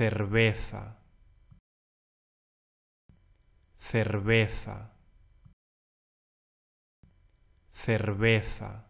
cerveza, cerveza, cerveza.